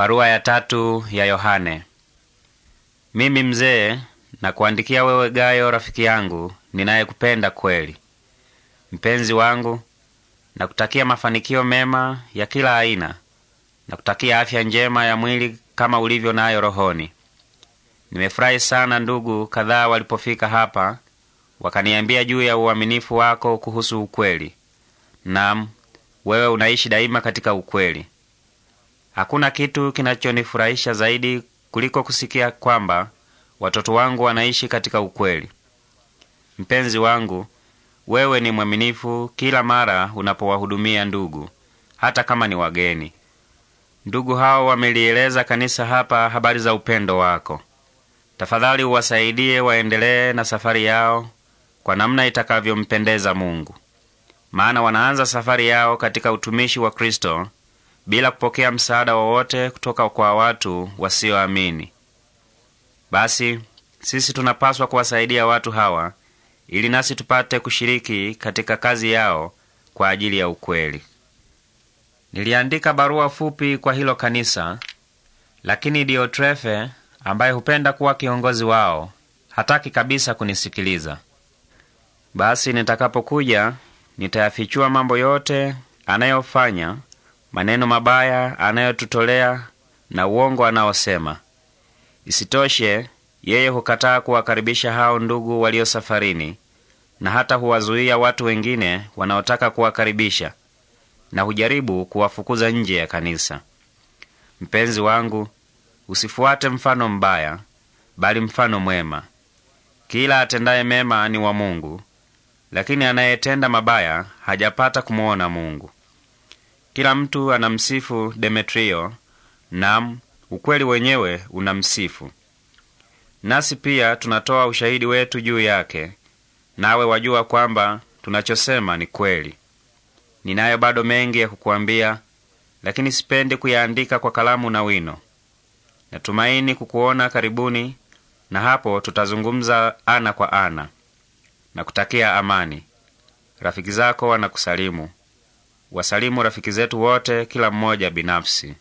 Barua ya tatu ya Yohane. Mimi mzee nakuandikia wewe Gayo rafiki yangu ninayekupenda kweli. Mpenzi wangu, nakutakia mafanikio mema ya kila aina. Nakutakia afya njema ya mwili kama ulivyo nayo na rohoni. Nimefurahi sana ndugu kadhaa walipofika hapa wakaniambia juu ya uaminifu wako kuhusu ukweli. Naam, wewe unaishi daima katika ukweli. Hakuna kitu kinachonifurahisha zaidi kuliko kusikia kwamba watoto wangu wanaishi katika ukweli. Mpenzi wangu, wewe ni mwaminifu kila mara unapowahudumia ndugu, hata kama ni wageni. Ndugu hao wamelieleza kanisa hapa habari za upendo wako. Tafadhali uwasaidie waendelee na safari yao kwa namna itakavyompendeza Mungu, maana wanaanza safari yao katika utumishi wa Kristo bila kupokea msaada wowote kutoka kwa watu wasioamini. Basi sisi tunapaswa kuwasaidia watu hawa ili nasi tupate kushiriki katika kazi yao kwa ajili ya ukweli. Niliandika barua fupi kwa hilo kanisa, lakini Diotrefe ambaye hupenda kuwa kiongozi wao hataki kabisa kunisikiliza. Basi nitakapokuja nitayafichua mambo yote anayofanya maneno mabaya anayotutolea na uongo anaosema. Isitoshe, yeye hukataa kuwakaribisha hao ndugu walio safarini, na hata huwazuia watu wengine wanaotaka kuwakaribisha, na hujaribu kuwafukuza nje ya kanisa. Mpenzi wangu, usifuate mfano mbaya, bali mfano mwema. Kila atendaye mema ni wa Mungu, lakini anayetenda mabaya hajapata kumwona Mungu. Kila mtu anamsifu Demetrio, nam ukweli wenyewe unamsifu. Nasi pia tunatoa ushahidi wetu juu yake, nawe wajua kwamba tunachosema ni kweli. Ninayo bado mengi ya kukuambia, lakini sipendi kuyaandika kwa kalamu na wino. Natumaini kukuona karibuni, na hapo tutazungumza ana kwa ana. Nakutakia amani. Rafiki zako wanakusalimu. Wasalimu rafiki zetu wote, kila mmoja binafsi.